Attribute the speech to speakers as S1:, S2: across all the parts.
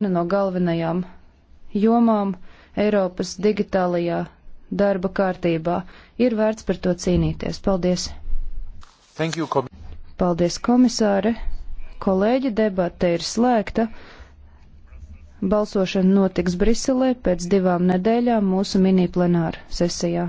S1: viena no galvenajām jomām Eiropas digitālajā darba kārtībā. Ir vērts par to cīnīties. Paldies! Thank you, kom Paldies, komisāre! Kolēģi debate ir slēgta. Balsošana notiks Briselē pēc divām nedēļām mūsu mini plenāra sesijā.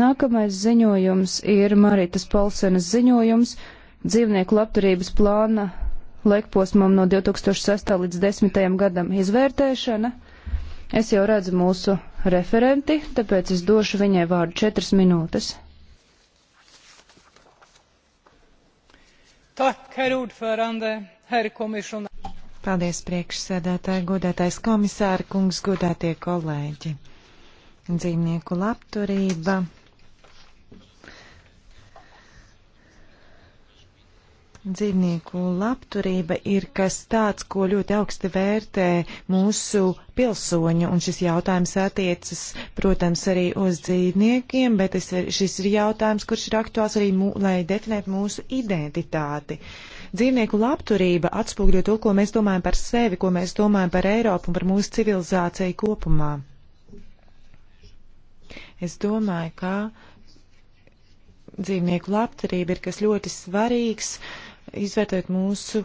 S1: Nākamais ziņojums ir Marītas Polsenas ziņojums dzīvnieku labturības plāna laikposmam no 2006. līdz 2010. gadam izvērtēšana. Es jau redzu mūsu referenti, tāpēc es došu viņai vārdu četras minūtes. Tak, herr ordförande, herr komisionār.
S2: Paldies priekšsēdētāji, godētais komisāri, kungs, godētie kolēģi. Dzīvnieku labturība Dzīvnieku labturība ir kas tāds, ko ļoti augsti vērtē mūsu pilsoņi, un šis jautājums attiecas, protams, arī uz dzīvniekiem, bet es, šis ir jautājums, kurš ir aktuāls arī, mū, lai definētu mūsu identitāti. Dzīvnieku labturība atspūgļo to, ko mēs domājam par sevi, ko mēs domājam par Eiropu un par mūsu civilizāciju kopumā. Es domāju, ka dzīvnieku labturība ir kas ļoti svarīgs. Uh, izvērtēt mūsu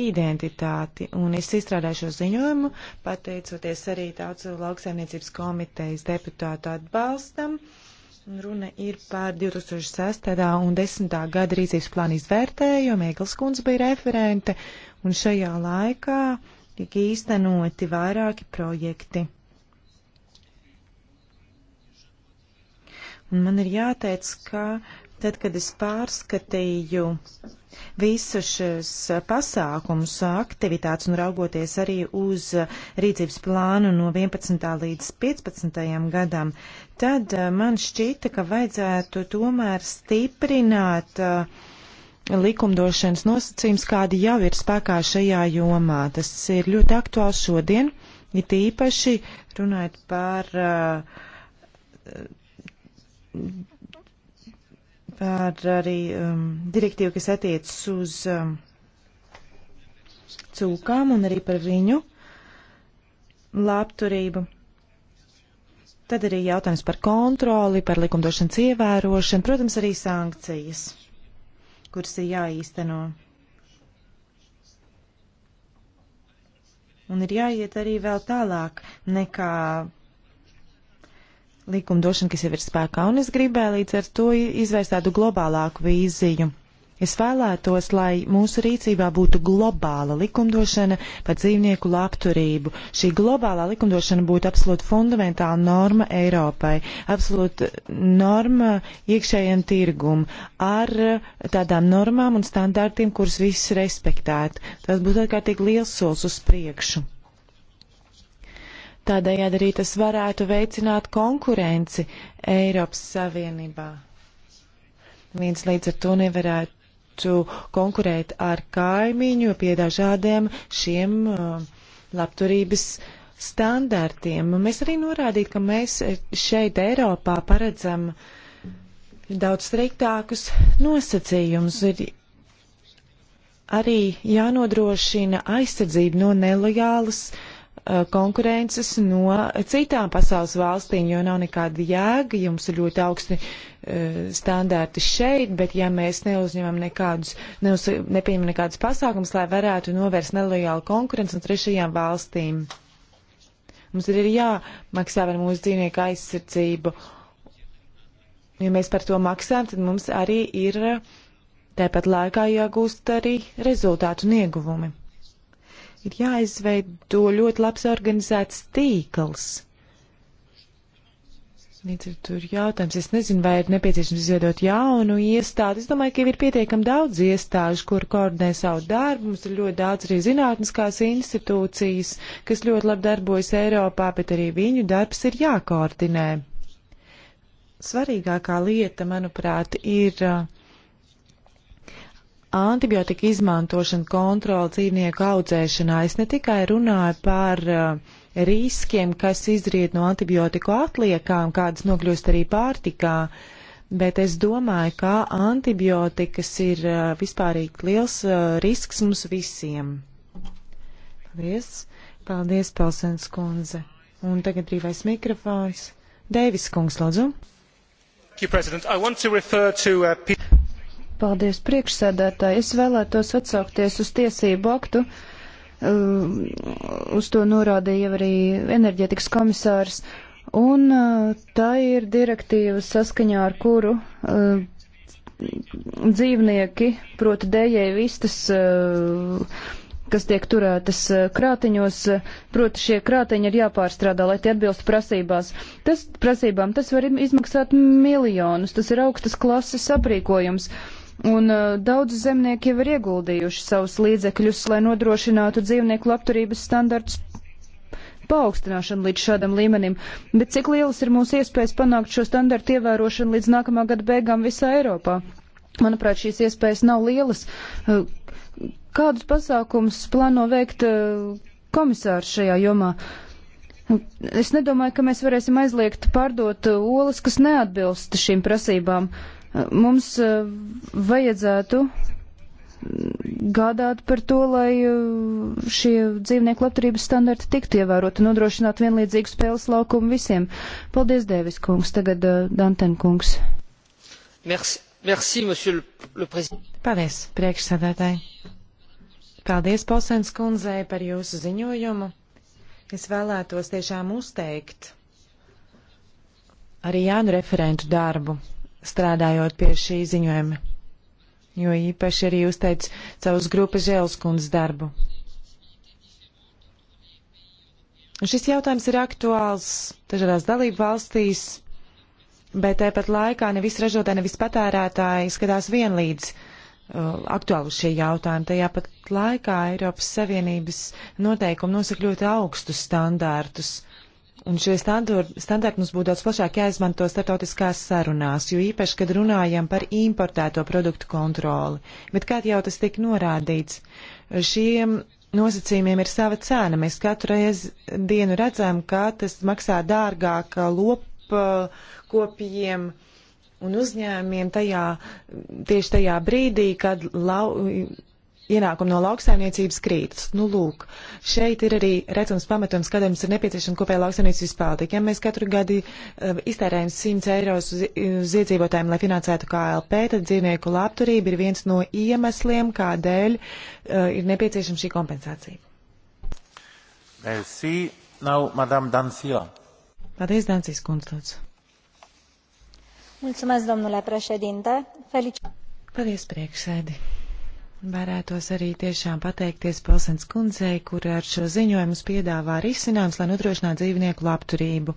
S2: identitāti. Un es izstrādāju šo ziņojumu, pateicoties arī Tautas lauksaimniecības komitejas deputātu atbalstam. Runa ir par 2006. un 10. gada rīcības plānu izvērtējumu. Eglis kundze bija referente, un šajā laikā tika īstenoti vairāki projekti. Un man ir jāteic, ka Tad, kad es pārskatīju visus šos pasākumus, aktivitātes un raugoties arī uz rīcības plānu no 11. līdz 15. gadam, tad eh, man šķita, ka vajadzētu tomēr stiprināt eh, likumdošanas nosacījums, kādi jau ir spēkā šajā jomā. Tas ir ļoti aktuāls šodien, it īpaši runājot par eh, ar arī um, direktīvu, kas attiecas uz um, cūkām un arī par viņu labturību. Tad arī jautājums par kontroli, par likumdošanas ievērošanu, protams, arī sankcijas, kuras ir jāīsteno. Un ir jāiet arī vēl tālāk nekā likumdošana, kas jau ir spēkā, un es gribēju līdz ar to izvērst tādu globālāku vīziju. Es vēlētos, lai mūsu rīcībā būtu globāla likumdošana par dzīvnieku labturību. Šī globālā likumdošana būtu absolūti fundamentāla norma Eiropai, absolūta norma iekšējiem tirgum, ar tādām normām un standartiem, kurus visus respektētu. Tas būtu ārkārtīgi liels solis uz priekšu. Tādējādi arī tas varētu veicināt konkurenci Eiropas Savienībā. Viens līdz ar to nevarētu konkurēt ar kaimiņu pie dažādiem šiem uh, labturības standartiem. Mēs arī norādītu, ka mēs šeit Eiropā paredzam daudz striktākus nosacījumus. Ir arī jānodrošina aizsardzība no nelegālas uh, Uh, konkurences no citām pasaules valstīm, jo nav nekāda jēga, jums ir ļoti augsti uh, standārti šeit, bet ja mēs neuzņemam nekādus, neuz, nepieņemam nekādus pasākums, lai varētu novērst nelojālu konkurenci no trešajām valstīm. Mums ir jāmaksā par mūsu dzīvnieku aizsardzību. Ja mēs par to maksājam, tad mums arī ir tāpat laikā jāgūst arī rezultātu un ieguvumi ir jāizveido ļoti labs organizēts tīkls. Līdz ar to ir jautājums, es nezinu, vai ir nepieciešams izveidot jaunu iestādi. Es domāju, ka jau ir pietiekami daudz iestāžu, kur koordinē savu darbu. Mums ir ļoti daudz arī zinātniskās institūcijas, kas ļoti labi darbojas Eiropā, bet arī viņu darbs ir jākoordinē. Svarīgākā lieta, manuprāt, ir uh, antibiotika izmantošana kontrola dzīvnieku audzēšanā. Es ne tikai runāju par uh, riskiem, kas izriet no antibiotiku atliekām, kādas nokļūst arī pārtikā, bet es domāju, ka antibiotikas ir uh, vispārīgi liels uh, risks mums visiem. Paldies! Paldies, Pelsens kundze! Un tagad brīvais mikrofons. Deivis kungs, lūdzu!
S3: To to, uh,
S1: Paldies, priekšsēdētāji. Es vēlētos atsaukties uz tiesību aktu. Ehm, uz to norādīja arī enerģetikas komisārs. Un eh, tā ir direktīva saskaņā ar kuru eh, dzīvnieki, proti dējēji vistas, eh, kas tiek turētas krātiņos, proti šie krātiņi ir jāpārstrādā, lai tie atbilstu prasībās. Tas prasībām tas var izmaksāt miljonus, tas ir augstas klases aprīkojums. Uh, Un uh, daudz zemnieki jau ir ieguldījuši savus līdzekļus, lai nodrošinātu dzīvnieku labturības standartus paaugstināšanu līdz šādam līmenim. Bet cik lielas ir mūsu iespējas panākt šo standartu ievērošanu līdz nākamā gada beigām visā Eiropā? Manuprāt, šīs iespējas nav lielas. Uh, kādus pasākumus plāno veikt uh, komisārs šajā jomā? Es nedomāju, ka mēs varēsim aizliegt pārdot uh, olas, kas neatbilst šīm prasībām. Uh, Mums e, vajadzētu gādāt par to, lai e, šie dzīvnieku labturības standarti tiktu ievēroti un nodrošināt vienlīdzīgu spēles laukumu visiem. Paldies, Dēvis
S2: kungs, tagad e, Danten kungs.
S1: Merci, merci, monsieur le
S2: président. Paldies, priekšsēdētāji. Paldies, Polsēns kundzei, par jūsu ziņojumu. Es vēlētos tiešām uzteikt arī Jānu referentu darbu strādājot pie šī ziņojuma, jo īpaši arī uzteic savus grupas Žēlskundas darbu. Šis jautājums ir aktuāls dažādās dalību valstīs, bet tāpat laikā nevis ražotāji, nevis patērētāji skatās vienlīdz uh, aktuāli šie jautājumi. Tajā pat laikā Eiropas Savienības noteikumi nosaka ļoti augstus standārtus Un šie standarti mums būtu daudz plašāk jāizmanto startautiskās sarunās, jo īpaši, kad runājam par importēto produktu kontroli. Bet kā jau tas tika norādīts, šiem nosacījumiem ir sava cena. Mēs katru reizi dienu redzam, ka tas maksā dārgāk lopkopjiem un uzņēmiem tajā, tieši tajā brīdī, kad lau, ienākumi no lauksaimniecības krītas. Nu, lūk, šeit ir arī redzams pamatums, kad mums ir nepieciešama kopēja lauksaimniecības pārtika. Ja mēs katru gadu uh, eh, iztērējam 100 eiros uz, uz iedzīvotājiem, lai finansētu KLP, tad dzīvnieku labturība ir viens no iemesliem, kādēļ uh, ir nepieciešama šī kompensācija. Merci. Now, Madame Dancia. Paldies, Dancijas kundze.
S1: Mulțumesc, domnule președinte. Felicitări.
S2: Paldies, priekšsēdi. Varētos arī tiešām pateikties Pilsens kundzei, kur ar šo ziņojumu piedāvā risinājums, lai nodrošinātu dzīvnieku labturību.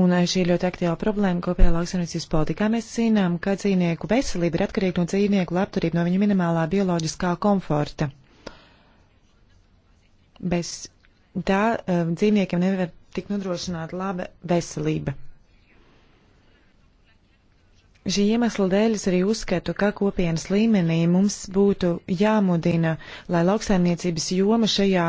S2: Un eh, šī ir ļoti aktīva problēma kopējā lauksaimniecības politikā. Mēs zinām, ka dzīvnieku veselība ir atkarīga no dzīvnieku labturība, no viņa minimālā bioloģiskā komforta. Bez tā eh, dzīvniekiem nevar tik nodrošināt laba veselība. Šī iemesla dēļ es arī uzskatu, ka kopienas līmenī mums būtu jāmudina, lai lauksaimniecības joma šajā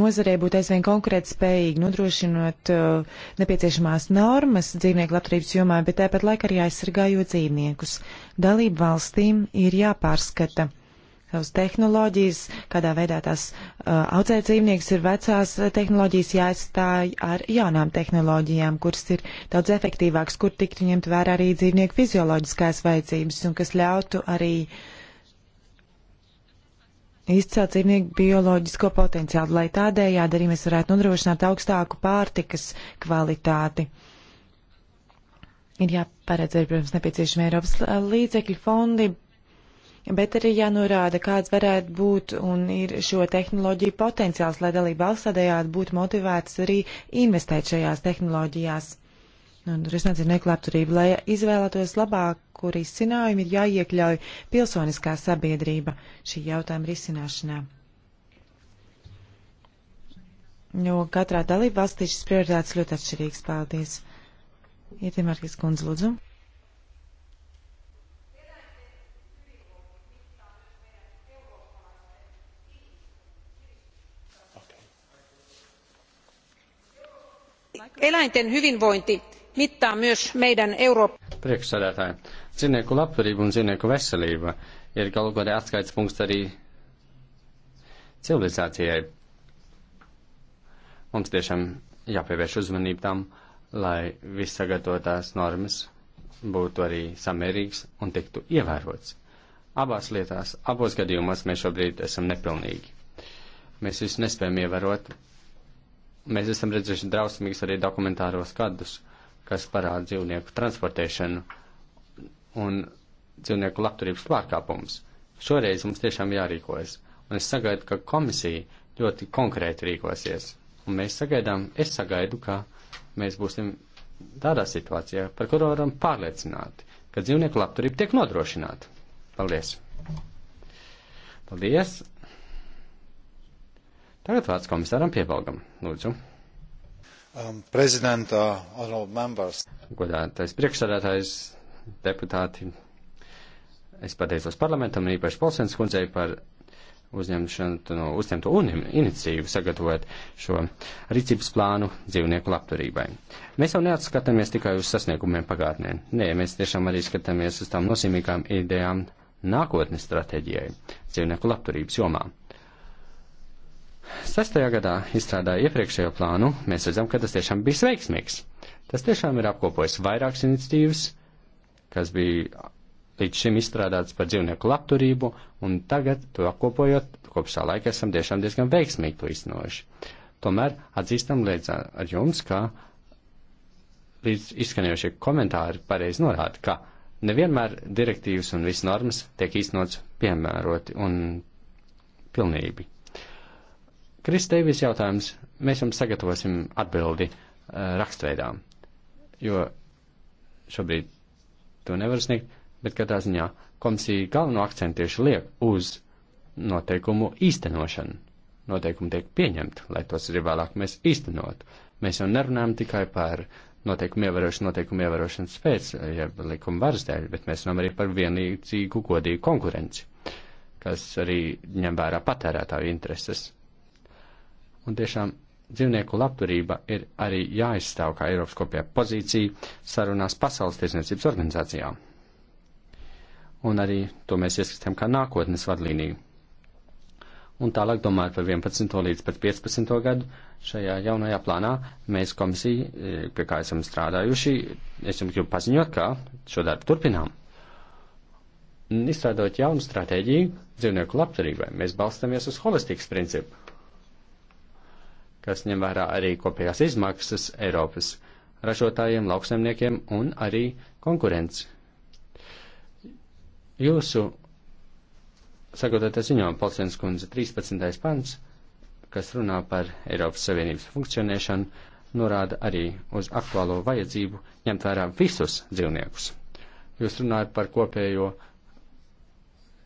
S2: nozarē būtu aizvien konkurēt spējīgi, nodrošinot uh, nepieciešamās normas dzīvnieku labturības jomā, bet tāpat laikā arī aizsargājot dzīvniekus. Dalību valstīm ir jāpārskata savas tehnoloģijas, kādā veidā tās uh, audzē dzīvnieks ir vecās uh, tehnoloģijas jāizstāj ar jaunām tehnoloģijām, kuras ir daudz efektīvākas, kur tiktu ņemt vērā arī dzīvnieku fizioloģiskās vajadzības un kas ļautu arī izcelt dzīvnieku bioloģisko potenciālu, lai tādējādi arī mēs varētu nodrošināt augstāku pārtikas kvalitāti. Ir jāparedz arī, protams, nepieciešami Eiropas uh, līdzekļu fondi, bet arī jānorāda, kāds varētu būt un ir šo tehnoloģiju potenciāls, lai dalība valsts tādējādi būtu motivētas arī investēt šajās tehnoloģijās. Un risinājums ir neklāpturība. Lai izvēlētos labāku risinājumu, ir jāiekļauj pilsoniskā sabiedrība šī jautājuma risināšanā. Jo katrā dalība valstī šis prioritātes ļoti atšķirīgs. Paldies! Ietimārkis kundze, lūdzu.
S1: eläinten hyvinvointi mittaa myös meidän
S3: Euroopan. Priekšsēdētāji, dzīvnieku labturība un dzīvnieku veselība ir galu galā atskaits punkts arī civilizācijai. Mums tiešām jāpievērš uzmanību tam, lai viss sagatavotās normas būtu arī samērīgs un tiktu ievērots. Abās lietās, abos gadījumos mēs šobrīd esam nepilnīgi. Mēs visu nespējam ievērot, Mēs esam redzējuši drausmīgus arī dokumentāros kadus, kas parāda dzīvnieku transportēšanu un dzīvnieku labturības pārkāpumus. Šoreiz mums tiešām jārīkojas, un es sagaidu, ka komisija ļoti konkrēti rīkosies. Un mēs sagaidām, es sagaidu, ka mēs būsim tādā situācijā, par kuru varam pārliecināt, ka dzīvnieku labturība tiek nodrošināta. Paldies! Paldies! Tagad vārds komisāram piebalgam. Lūdzu. Um, prezidenta, honorable members. Godātais priekšsādātājs, deputāti, es pateicos parlamentam un īpaši Polsens kundzei par uzņemšanu, no, uzņemto un iniciatīvu sagatavot šo rīcības plānu dzīvnieku labturībai. Mēs jau neatskatāmies tikai uz sasniegumiem pagātnē. Nē, mēs tiešām arī skatāmies uz tām nozīmīgām idejām nākotnes stratēģijai dzīvnieku labturības jomā. Sestajā gadā izstrādāja iepriekšējo plānu, mēs redzam, ka tas tiešām bija veiksmīgs. Tas tiešām ir apkopojis vairākas iniciatīvas, kas bija līdz šim izstrādāts par dzīvnieku labturību, un tagad to apkopojot, kopš tā laika esam tiešām diezgan veiksmīgi to iznojuši. Tomēr atzīstam līdz ar jums, ka līdz izskanējušie komentāri pareizi norāda, ka nevienmēr direktīvas un visas normas tiek īstenots piemēroti un pilnīgi. Kristēvis jautājums. Mēs jums sagatavosim atbildi uh, rakstveidā, jo šobrīd to nevar sniegt, bet katrā ziņā komisija galveno akcentu tieši liek uz noteikumu īstenošanu. Noteikumi tiek pieņemti, lai tos arī vēlāk mēs īstenot. Mēs jau nerunājam tikai par noteikumu ievērošanu, noteikumu ievērošanas pēc, ja likuma varas dēļ, bet mēs runājam arī par vienlīdzīgu godīgu konkurenci, kas arī ņem vērā patērētāju intereses. Un tiešām dzīvnieku labturība ir arī jāizstāv kā Eiropas kopējā pozīcija sarunās Pasaules tiesniecības organizācijā. Un arī to mēs ieskatām kā nākotnes vadlīniju. Un tālāk domājot par 11. līdz pat 15. gadu šajā jaunajā plānā mēs komisiju, e, pie kā esam strādājuši, es jums gribu paziņot, ka šo darbu turpinām. Un izstrādot jaunu stratēģiju dzīvnieku labturībai, mēs balstamies uz holistikas principu kas ņem vērā arī kopējās izmaksas Eiropas ražotājiem, lauksaimniekiem un arī konkurenci. Jūsu sagatavotais ziņojums, Polsēns kundze, 13. pants, kas runā par Eiropas Savienības funkcionēšanu, norāda arī uz aktuālo vajadzību ņemt vērā visus dzīvniekus. Jūs runājat par kopējo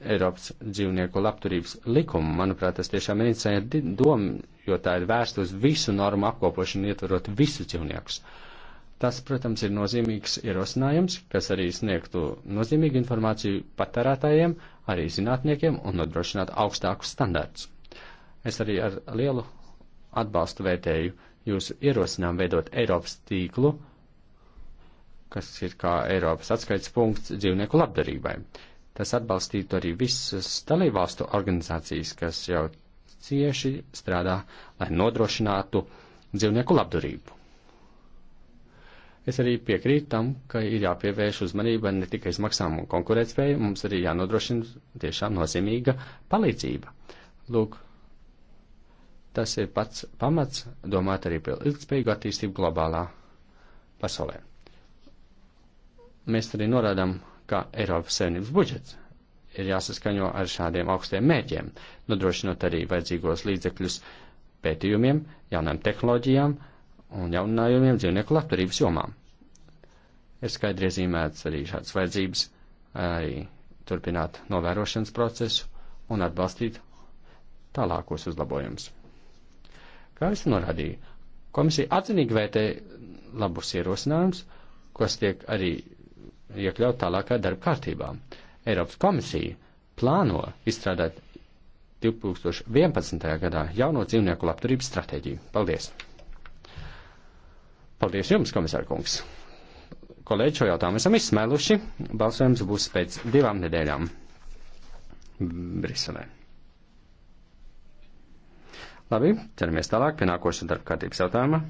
S3: Eiropas dzīvnieku labturības likumu. Manuprāt, tas tiešām ir interesanti doma, jo tā ir vērsta uz visu normu apkopošanu, ietverot visus dzīvniekus. Tas, protams, ir nozīmīgs ierosinājums, kas arī sniegtu nozīmīgu informāciju patērētājiem, arī zinātniekiem un nodrošinātu augstākus standārtus. Es arī ar lielu atbalstu vērtēju jūsu ierosinājumu veidot Eiropas tīklu, kas ir kā Eiropas atskaites punkts dzīvnieku labdarībai. Uh, Tas atbalstītu arī visas dalībvalstu organizācijas, kas jau cieši strādā, lai nodrošinātu dzīvnieku labdarību. Es arī piekrītu tam, ka ir jāpievērš uzmanība ne tikai izmaksām un konkurētspēju, mums arī jānodrošina tiešām nozīmīga palīdzība. Lūk, tas ir pats pamats domāt arī par ilgspējīgu attīstību globālā pasaulē. Mēs arī norādām ka Eiropas Savienības budžets ir jāsaskaņo ar šādiem augstiem mērķiem, nodrošinot arī vajadzīgos līdzekļus pētījumiem, jaunām tehnoloģijām un jauninājumiem dzīvnieku labturības jomām. Ir skaidri iezīmēts arī šāds vajadzības arī turpināt novērošanas procesu un atbalstīt tālākos uzlabojumus. Kā es norādīju, komisija atzinīgi vērtē labus ierosinājumus, kas tiek arī iekļaut tālākā darba kārtībā. Eiropas komisija plāno izstrādāt 2011. gadā jauno dzīvnieku labturības stratēģiju. Paldies! Paldies jums, komisāra kungs! Kolēģi, šo jautājumu esam izsmēluši. Balsojums būs pēc divām nedēļām Briselē. Labi, ķeramies tālāk pie nākošā darba kārtības jautājuma.